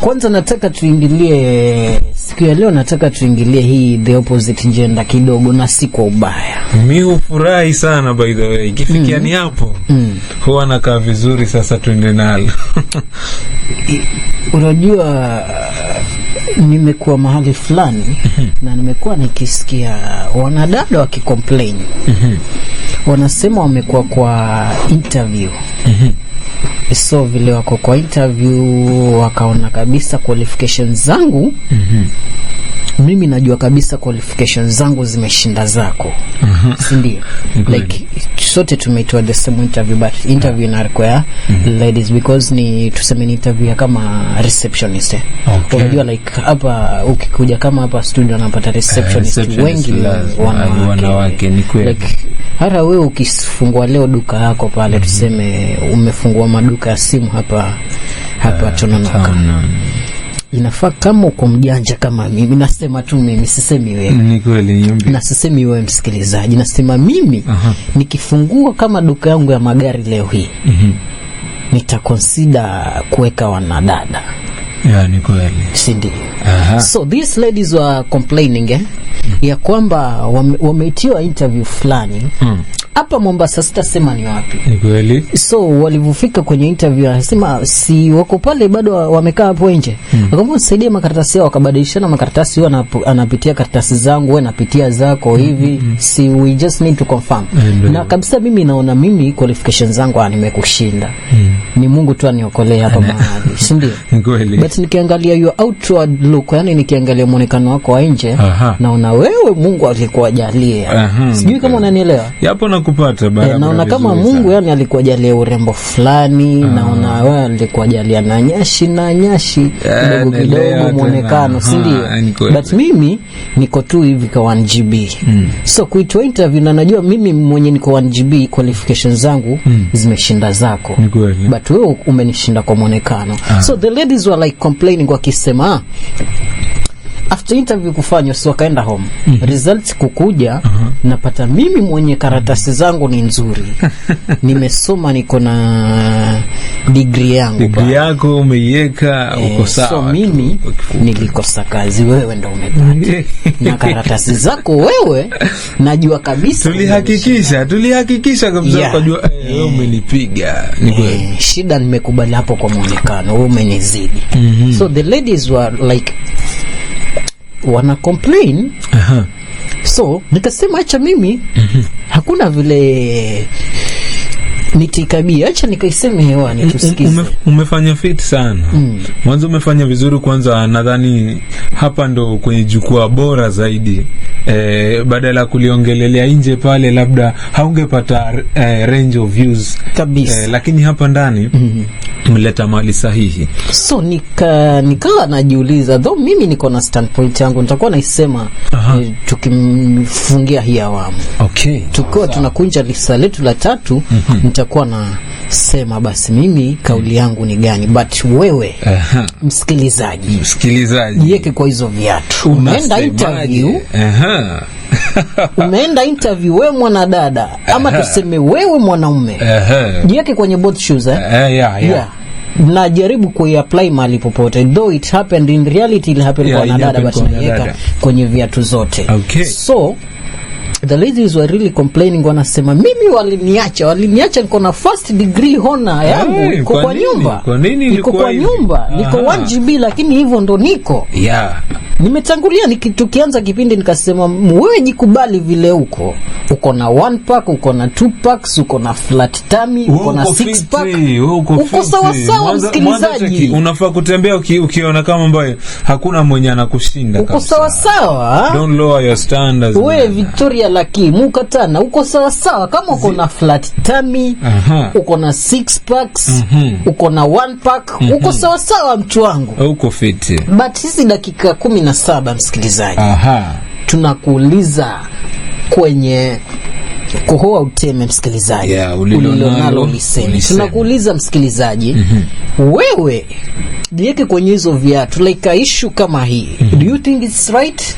Kwanza nataka tuingilie siku ya leo, nataka tuingilie hii the opposite gender kidogo, na si kwa ubaya. Mi hufurahi sana by the way, ikifikia mm. ni hapo mm. huwa nakaa vizuri. Sasa tuende nalo unajua nimekuwa mahali fulani na nimekuwa nikisikia wanadada wakicomplain mhm. wanasema wamekuwa kwa interview mhm so vile wako kwa interview wakaona kabisa qualification zangu mm -hmm. Mimi najua kabisa qualification zangu zimeshinda zako mm -hmm. si ndio? like sote tumeitwa the same interview but interview na require mm -hmm. ladies because ni tuseme ni interview ya kama receptionist eh. okay. Unajua like hapa ukikuja kama hapa studio anapata receptionist, uh, receptionist wengi wanawake, wanawake. Ni kweli like hata wewe ukifungua leo duka yako pale, mhm. tuseme umefungua maduka ya simu hapa hapa uh, Tononoka inafaa kama uko mjanja kama mimi, nasema tu mimi, sisemi wewe, ni kweli, na sisemi wewe msikilizaji, nasema mimi uh-huh. nikifungua kama duka yangu ya magari leo hii mm -hmm. nitakonsida kuweka wanadada, yeah, ni kweli, si ndio? So these ladies were complaining eh? ya kwamba wame, wameitiwa interview fulani mm hapa Mombasa, sitasema ni wapi. Ni kweli. So walivyofika kwenye interview anasema si wako pale bado wamekaa hapo nje. Mm. Akamwambia saidia makaratasi yao, wakabadilishana makaratasi, huwa anapitia karatasi zangu, wewe napitia zako hmm, hivi. Mm -hmm. Si we just need to confirm. Mm. Na kabisa mimi naona mimi qualification zangu ah, nimekushinda. Mm. Ni Mungu tu aniokolee hapa mahali, si ndio? Ni kweli. But nikiangalia your outward look, yani nikiangalia muonekano wako wa nje, naona wewe Mungu alikuwa Sijui kama unanielewa. Yapo na kupata e, eh, Naona kama Mungu yani alikuwa jalia urembo fulani, ah. naona wewe alikuwa jalia na nyashi na nyashi eh, kidogo kidogo muonekano, sindio ah, But mimi niko tu hivi kwa 1GB. Hmm. So kuitwa interview na najua mimi mwenye niko 1GB qualification zangu mm. zimeshinda zako. But wewe umenishinda kwa muonekano. Ah. So the ladies were like complaining wakisema after interview kufanywa, si wakaenda home mm. results kukuja uh -huh. napata mimi mwenye karatasi zangu ni nzuri nimesoma, niko na degree yangu, degree yako umeiweka e, sawa. So mimi nilikosa kazi, wewe ndo umepata na karatasi zako wewe, najua kabisa tulihakikisha, tulihakikisha kabisa yeah. Ukajua eh, wewe eh. umenipiga ni kweli, shida nimekubali hapo kwa mwonekano, wewe umenizidi mm -hmm. so the ladies were like wana complain -huh. So nikasema acha mimi uh mhm. -huh. Hakuna vile nitaikabia, acha nikaiseme hewani tusikize. Ume, umefanya fit sana mm. umefanya vizuri kwanza, nadhani hapa ndo kwenye jukwaa bora zaidi eh, badala ya kuliongelelea nje pale, labda haungepata eh, range of views kabisa eh, lakini hapa ndani mm -hmm. mleta mali sahihi. So nika nikawa najiuliza though, mimi niko na standpoint yangu nitakuwa naisema eh, tukimfungia hii awamu okay. tukiwa tunakunja lisa letu la tatu mm -hmm. nitakuwa na sema basi mimi kauli yangu ni gani, but wewe Aha. msikilizaji msikilizaji, jiweke kwa hizo viatu, umeenda interview umeenda interview wewe mwanadada ama tuseme wewe mwanaume, jiweke kwenye both shoes eh? uh, yeah, yeah. yeah. na jaribu kuiapply mahali popote, though it happened in reality, it happened yeah, kwa wanadada, but naiweka kwenye viatu zote okay. so the ladies were really complaining, wanasema mimi waliniacha, waliniacha niko na first degree hona yangu eh, iko kwa nyumba, niko kwa nyumba, niko 1GB lakini hivyo ndo niko yeah. Nimetangulia niki, tukianza kipindi nikasema wewe jikubali vile uko uko na one pack, uko na two packs, uko na flat tummy, uko na six pack, uko sawa sawa. Msikilizaji, unafaa kutembea ukiona kama mbaya, hakuna mwenye anakushinda kabisa, uko sawa sawa. Ah? Don't lower your standards, wewe Victoria lakini laki mukatana uko sawa sawa kama uko na flat tummy, uko na six packs mhm. uko na one pack mhm. uko sawa sawa mtu wangu, uko fit. But hizi dakika 17 msikilizaji aha tunakuuliza kwenye kuhoa uteme msikilizaji, yeah, ulilonalo uliseme. Tunakuuliza msikilizaji, mm -hmm. wewe jiweke kwenye hizo viatu like a issue kama hii mm -hmm. do you mhm. think it's right?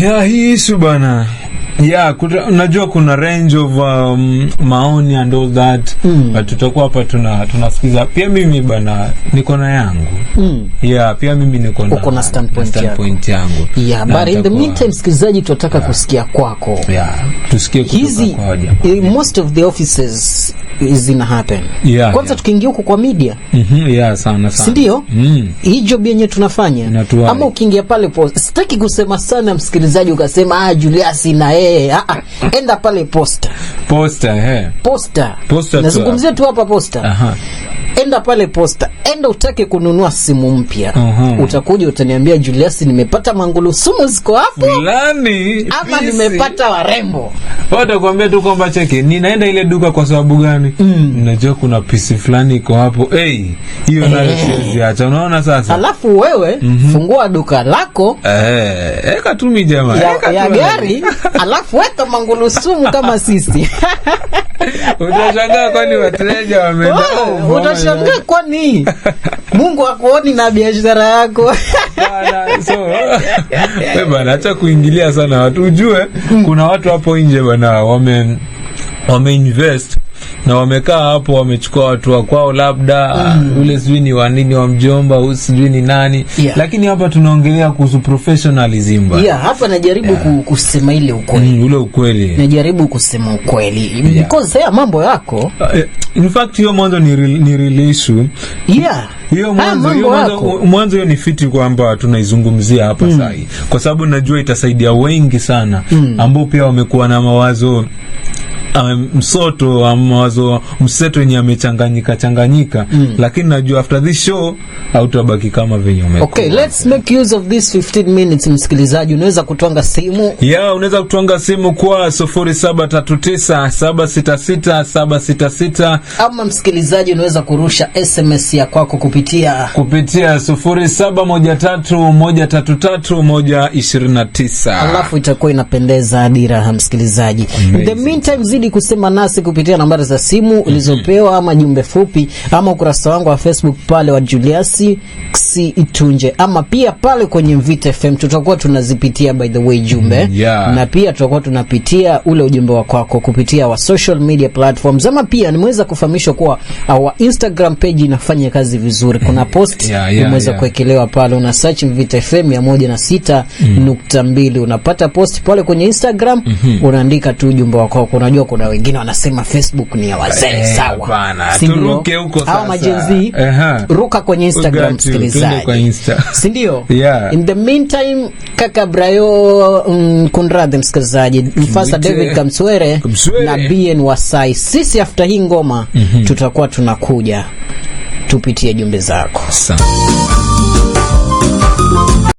yeah, hii isu bana Yeah, kuta, unajua kuna range of um, maoni and all that mm. But tutakuwa hapa tuna tunasikiza pia. Mimi bana niko na yangu mm. Yeah, pia mimi niko na uko na standpoint, standpoint yangu yeah, na but in the meantime msikilizaji, tunataka yeah, kusikia kwako yeah, tusikie hizi eh, most of the offices is in happen yeah, kwanza yeah. Tukiingia huko kwa media mm yeah, sana sana, si ndio? mm. Hii job yenyewe tunafanya Natuwai. Ama ukiingia pale post, sitaki kusema sana msikilizaji ukasema ah Julius na yeye eh, enda pale posta posta, he. Posta. Posta nazungumzia tu hapa posta. Aha. Enda pale posta, enda utake kununua simu mpya. uh-huh. Utakuja utaniambia Julius, nimepata mangulu sumu ziko hapo fulani, ama nimepata warembo. Wewe utakwambia tu kwamba cheki, ninaenda ile duka kwa sababu gani? Mm. Najua kuna pisi fulani iko hapo. Hey, hiyo hey, eh. nayo siwezi acha. Unaona sasa? Alafu wewe mm -hmm. fungua duka lako eh, eka tumi jamaa ya, ya gari alafu weka mangulu sumu kama sisi Utashangaa kwani wateja wameenda. Oh, utashangaa kwani Mungu akuoni na biashara yako. Bana, so wewe bana, acha kuingilia sana watu. Ujue kuna watu hapo nje bana wame wameinvest na wamekaa hapo, wamechukua watu wa kwao, labda mm. ule sijui ni wanini wa mjomba, sijui ni nani yeah. Lakini hapa tunaongelea kuhusu professionalism bana yeah, hapa najaribu yeah. kusema ile ukweli mm, ule ukweli najaribu kusema ukweli yeah. because haya mambo yako uh, in fact hiyo mwanzo ni real, ni real issue yeah hiyo mwanzo hiyo mwanzo mwanzo hiyo ni fiti kwamba tunaizungumzia hapa mm. sahi, kwa sababu najua itasaidia wengi sana mm. ambao pia wamekuwa na mawazo Ah, msoto wa mawazo mseto yenye amechanganyika changanyika mm. Lakini najua after this show autabaki kama venye umekuwa. Okay, let's make use of this 15 minutes. Msikilizaji, unaweza kutwanga simu yeah, unaweza kutwanga simu kwa 0739766766 ama msikilizaji, unaweza kurusha SMS ya kwako kupitia kupitia 0713133129 alafu itakuwa inapendeza dira msikilizaji. In the meantime zidi jitahidi kusema nasi kupitia nambari za simu mhm. ulizopewa ama jumbe fupi ama ukurasa wangu wa Facebook pale wa Julius Itunje ama pia pale kwenye Mvita FM tutakuwa tunazipitia by the way jumbe mm, yeah. Na pia tutakuwa tunapitia ule ujumbe wa kwako kupitia wa social media platforms ama pia nimeweza kufahamishwa kuwa our uh, Instagram page inafanya kazi vizuri. Kuna post yeah, yeah, umeweza yeah. kuwekelewa pale, una search Mvita FM 106.2 mm. nukta mbili unapata post pale kwenye Instagram mm -hmm. unaandika tu ujumbe wa kwako, unajua kuna wengine wanasema Facebook ni ya wazee. Eh, sawa, huko sasa, au majenzi, ruka kwenye Instagram msikilizaji, si ndio? In the meantime, kaka Brayo mm, kunradhi msikilizaji mfasa David Kamswere na BN Wasai, sisi after hii ngoma mhm. tutakuwa tunakuja tupitie jumbe zako. Sawa.